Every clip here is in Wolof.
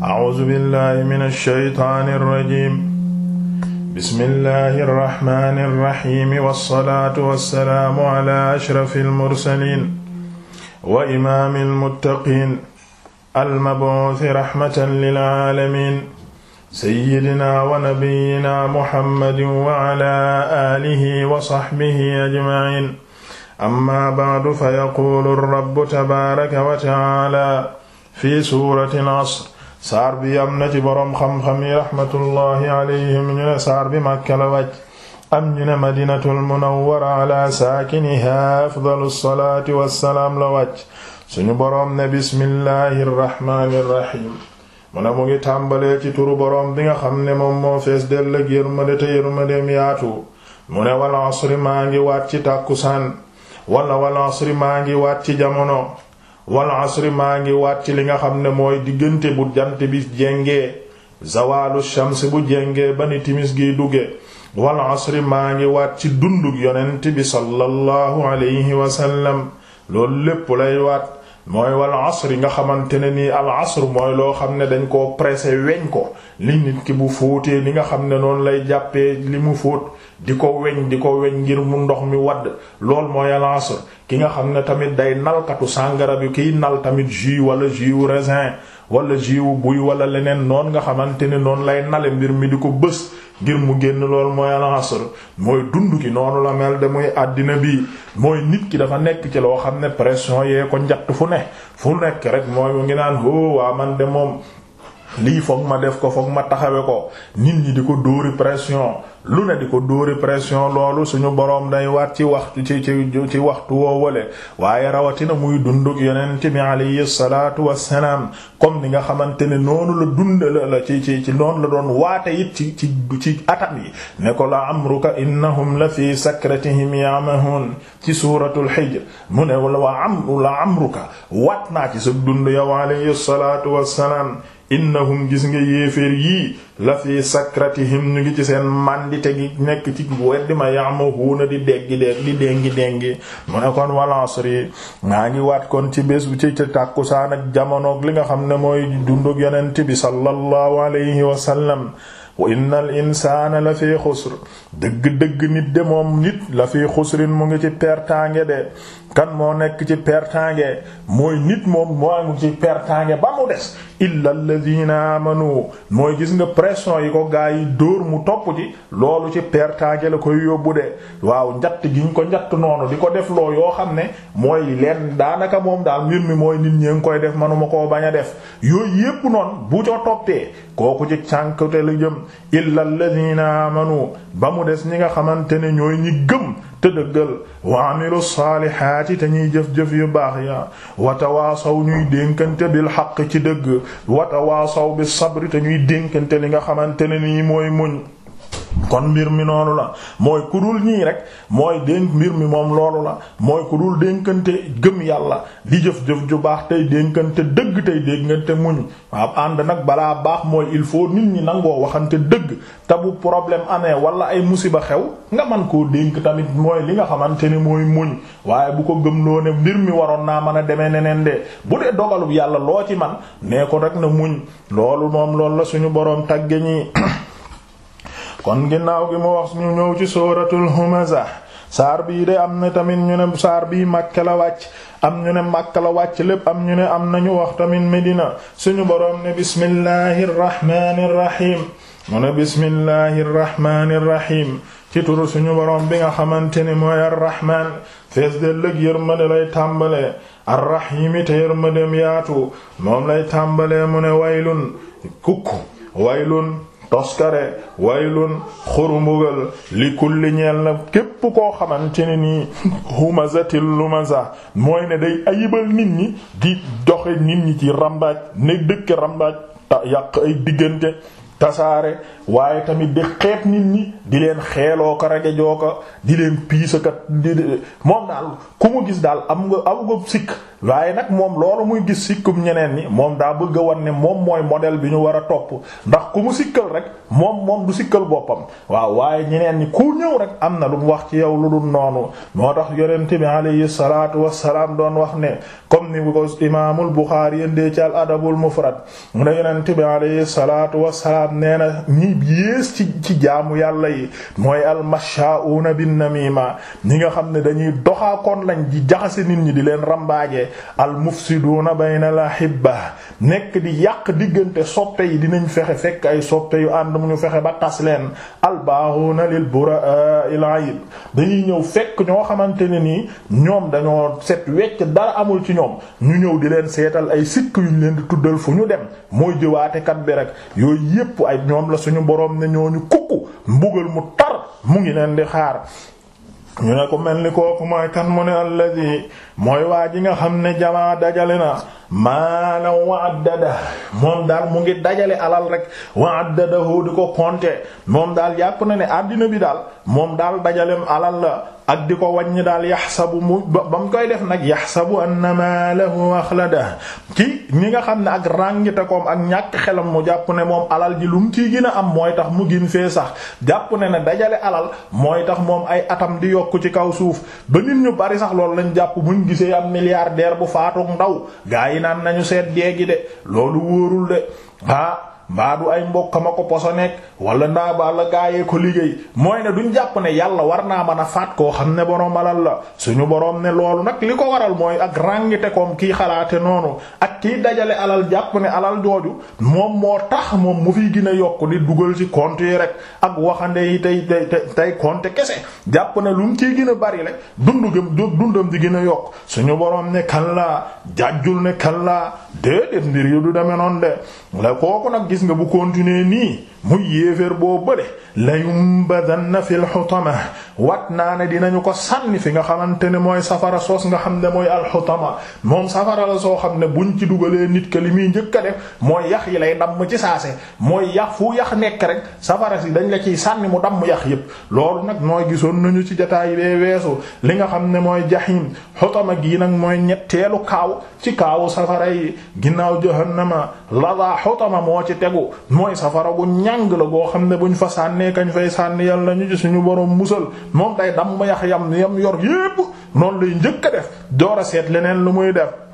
A'uuzu billaahi mina shaytaani rajiim. Bismillaahi rahmaani rahiim. Wassalaatu wassalaamu alaa ashrafil mursaliin. Wa imaamil muttaqiin. Al-mab'uusi rahmatan lil aalamiin. Sayyidinaa wa nabiyyinaa Muhammadin wa alaa aalihi wa sahbihi ajma'iin. Ammaa ba'du, fa yaquulu rabbu tabaaraka wa ta'aalaa fii suuratil asr. saar bi am na ci boroom xam-xam yi raxmatullahi alayhim ñu ne saar bi Makka la wàcc am ñu ne madinatul munawwara ala saakiniha afdalu salaati wassalaam la wàcc suñu boroom na bismillahi rrahmaani mu ne mu ngi tàmbalee ci turu boroom bi nga xam ne moom moo fees dell ak yërmande te yërmandeem yaatu mu ne wal asri maa ngi waat ci tàkkusaan wala wal asri maa ngi waat ci jamono wal asri maa ngi waat ci li nga xam ne mooy diggante bu jant bi jéngee zawaalu shams bu jéngee ba ni timis giy dugge wal asri maa ngi waat ci dundug yonent bi sallallahu alayhi wasallam loolu lépp lay waat mooy wal asri nga xamante ne nii al asr mooy loo xam ne dañ koo pressé weñ ko li nit ki bu fóotee li nga xam ne noonu lay jàppee li mu fóot di ko weñ di ko weñ ngir mu ndox mi wadd lool mooy alancé ki nga xam ne tamit day nalkatu sàngara bi kiy nal tamit jus wala jus wu raisin wala jus wu buy wala leneen noon nga xamante ne noonu lay nale mbir mi di ko bës ngir mu génn lool mooy alancé mooy dund ki noonu la mel de àddina bi mooy nit ki dafa nekk ci loo xam ne pression yee ko njatt fu ne fu nekk rek mooy mu ngi naan waa man de moom lii foog ma def ko foog ma taxawe ko nit ñi di ko dóori pression lu ne di ko dóori pression loolu suñu boroom day waat ci waxtu ci ci ci waxtu woo wale waaye rawatina muy dunduk yonent bi alayhi salaatu wassalaam comme ni nga xamante ne noonu la dund la la ci ci ci noonu la doon waate it ci ci ci atam yi ne ko la amruka innahum la fi sakratihim yamahun ci suuratul hijr mu ne wa am la amruka wat naa ci sa dund yow alayhi salaatu innahum gis nga yéeféer yii la fi sakratihim ñu ngi ci seen màndite gi nekk ci weddi ma ya'mahuuna di déggi dégg di déngi déngi mu ne kon wal asri maa ngi waat kon ci bés bu ci ca tàkkusaan ak jamonoog li nga xam ne mooy dundug yonent bi sallallahu alayhi wa sallam wa innal insaana la fi xusr dëgg dëgg nit de moom nit la fi xusrin mu ngi ci pertaange de kan moo nekk ci pertange mooy nit moom moo ngi ci pertange ba mu des illa alladhina manu mooy gis nga pression yi ko gaa yi dóor mu topp ci loolu ci pertange la koy yóbbu de waaw njatt gi ñu ko njatt noonu di ko def loo yoo xam ne mooy leen daanaka moom daal mbir mi mooy nit ñee ngi koy def manuma koo bañ a def yooyu yépp noonu bu co toppee kooku ci cànkte la jëm illa alladhina amanu ba mu des ñi nga xamante ne ñooy ñi gëm te dëggal wa amilu saalihaati te ñuy jëf-jëf yu baax ya wa tawaasaw ñuy dénkante bil xaq ci dëgg wa tawaasaw bis sabri te ñuy dénkante li nga xamante ne nii mooy muñ kon mbir mi noonu la mooy ku dul ñii rek mooy dénk mbir mi moom loolu la mooy ku dul dénkante gëm yàlla di jëf-jëf ju baax tey dénkante dëgg tey dénkante muñ waaw ànd nag balaa baax mooy il faut nit ñi nangoo waxante dëgg te bu problème amee wala ay musiba xew nga man koo dénk tamit mooy li nga xamante ne mooy muñ waaye bu ko gëm loo ne mbir mi waroon naa mën a demee neneen de bu dee dogalub yàlla loo ci man nee ko rek na muñ loolu moom loolu la suñu boroom tàgge ñi kon ginnaaw gi mu wax ñu ñëw ci sooratul humaza saar bii de am na tamit ñu ne saar bii Makka la wàcc am ñu ne Makka la wàcc lépp am ñu ne am nañu wax tamit Medina suñu boroom ne bismillahir rahmanir rahim mu ne bismillahir rahmanir rahim ci turu suñu boroom bi nga xamante ne mooy arrahman fees del lëg yërmande lay tàmbale arrahimi te yërmandeem yaatu moom lay tàmbale mu ne waylun kukk waylun toskare waylun xurumbugal li kulli ñeel na képp koo xamante ne nii humazatil lumaza mooy ne day ayibal nit ñi di doxe nit ñi ci rambaaj ne dëkk rambaaj ta yàq ay diggante tasaare waaye tamit di xeet nit ñi di leen xeeloo ko rage joo ko di leen piisakat di moom daal ku mu gis daal am nga am nga sikk waaye nag moom loolu muy gis sikkum ñeneen ñi moom daa bëgg a wan ne moom mooy model bi ñu war a topp ndax ku mu sikkal rek moom moom du sikkal boppam waaw waaye ñeneen ñi ku ñëw rek am na lu mu wax ci yow lu dul noonu moo tax yonente bi alayhi salaatu wassalaam doon wax ne comme ni ko imaamul Buxaari yëndee ci al adabul mufrad mu ne salaam nee na ñi yées ci ci jaamu yàlla yi mooy almashaa'una bin namima ñi nga xam ne dañuy doxaakoon lañ di jaxase nit ñi di leen rambaaje almufsiduuna bayna lahibba nekk di yàq diggante soppe yi dinañ fexe fekk ay soppe yu ànd mu ñu fexe ba tas leen albaaxuuna lil buraa il ayib dañuy ñëw fekk ñoo xamante ne nii ñoom dañoo set wecc dara amul ci ñoom ñu ñëw di leen seetal ay sikk yuñ leen di tuddal fu ñu dem mooy jëwaatekat bi rek yooyu yépp ñépp ay ñoom la suñu boroom ne ñooñu kukku mbugal mu tar mu ngi leen di xaar ñu ne ko mel ni kooku mooy kan mu ne alladi mooy waa ji nga xam ne jamaa dajale na na wa addada moom daal mu ngi dajale alal rek wa addadahu di ko compter moom daal jàpp na ne àddina bi daal moom daal dajalem alal la ak di ko wàññi daal yaxsabu mu ba ba mu koy def nag yaxsabu anna maalahu axlada ki ñi nga xam ne ak ràngite koom ak ñàkk xelam mu jàpp ne moom alal ji lu mu ci gën a am mooy tax mu gin fee sax jàpp ne ne dajale alal mooy tax moom ay atam di yokk ci kaw suuf ba nit ñu bari sax loolu lañ jàpp buñ gisee am milliardaire bu faatu ndaw gaay yi naan nañu seet dee gi de loolu wóorul de ah mbaa du ay mbokka ma ko poso nekk wala ndaa ba la gaayee ko liggéey mooy ne duñ jàpp ne yàlla war naa mën a faat koo xam ne boroom alal la suñu boroom ne loolu nag li ko waral mooy ak ràngite koom kii xalaate noonu nag kiy dajale alal jàpp ne alal jooju moom moo tax moom mu fiy gën a yokk di dugal ci kont yi rek ak waxande yi tey tey tey compte kese jàpp ne lu mu ciy gën a bari rek dundu gëm dundam di gën a yokk suñu boroom ne kallaa jàjjul ne kallaa déedéet mbir yi du demee noonu de la kooku nag gis nga bu continuer nii muy yéeféer boo bële layumbadanna fil xutama wat naa ne dinañu ko sànni fi nga xamante ne mooy safara soos nga xam ne mooy alxutama moom safara la soo xam dugalee nit ka li muy njëkk a def mooy yax yi lay damm ci saase mooy yax fu yax nekk rek safara si dañ la ciy sànni mu damm yax yépp loolu nag mooy gisoon nañu ci jotaay bee li nga xam ne mooy jahim xotama gii nag mooy ñetteelu kaaw ci kaawu safara yi ginnaaw jahannama ladaa xotama moo ci tegu mooy safara bu la boo xam ne buñ fa sànnee kañ fay sànni yàlla ñu suñu borom musal moom day damm yax yam yam yor yépp noonu lay njëkk a def door seet leneen lu muy def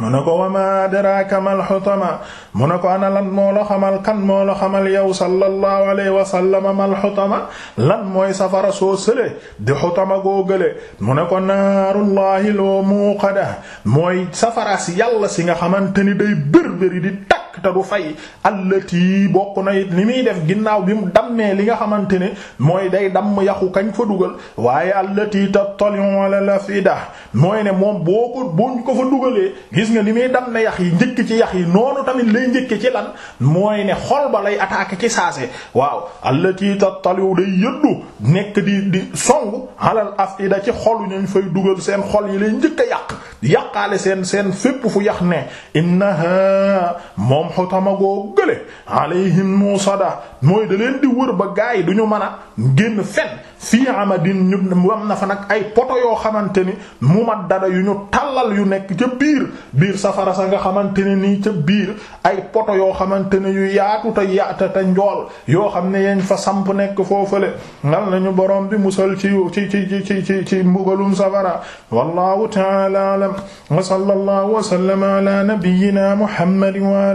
mu na ko wama adraka mal xutama mu ne ko ana lan moo la xamal kan moo la xamal yow sallallahu alayhi wa sallam mal xutama lan mooy safara soo sële di xutama góogale mu ne ko naarullahi loo muuqada mooy safara si yàlla si nga xamante day bérbéri di takk te du fay allati bokk na it li muy def ginnaaw bi mu dam dammee li nga xamante ne mooy day damm yaxu kañ fa dugal waaye allati tattali'u ala al-afida mooy ne moom boo ko buñ ko fa dugalee gis nga li muy damm ne yax yi njëkk ci yax yi noonu tamit lay njëkk ci lan mooy ne xol ba lay attaqué ci saase waaw allati tattali'u day yëddu nekk di di song ala al-afida ci xolu ñu fay dugal seen xol yi lay njëkk a yàq yàqaale seen seen fépp fu yax ne innaha moom xutama goo gële alayhim musada mooy da leen di wër ba gaa yi du ñu mën génn fen fii amadin ñu wam na fa nag ay poto yoo xamante ni mu ma dada yu ñu tàllal yu nekk ca biir biir safara sa nga xamante ne nii ca biir ay poto yoo xamante ne yu yaatu te yaata te njool yoo xam ne yeñ fa samp nekk foofale ngal nañu borom bi musal ci ci ci ci ci ci mbugalum safara wallahu ta'ala a'lam wa sallallahu wa sallama ala nabiyyina muhammadin wa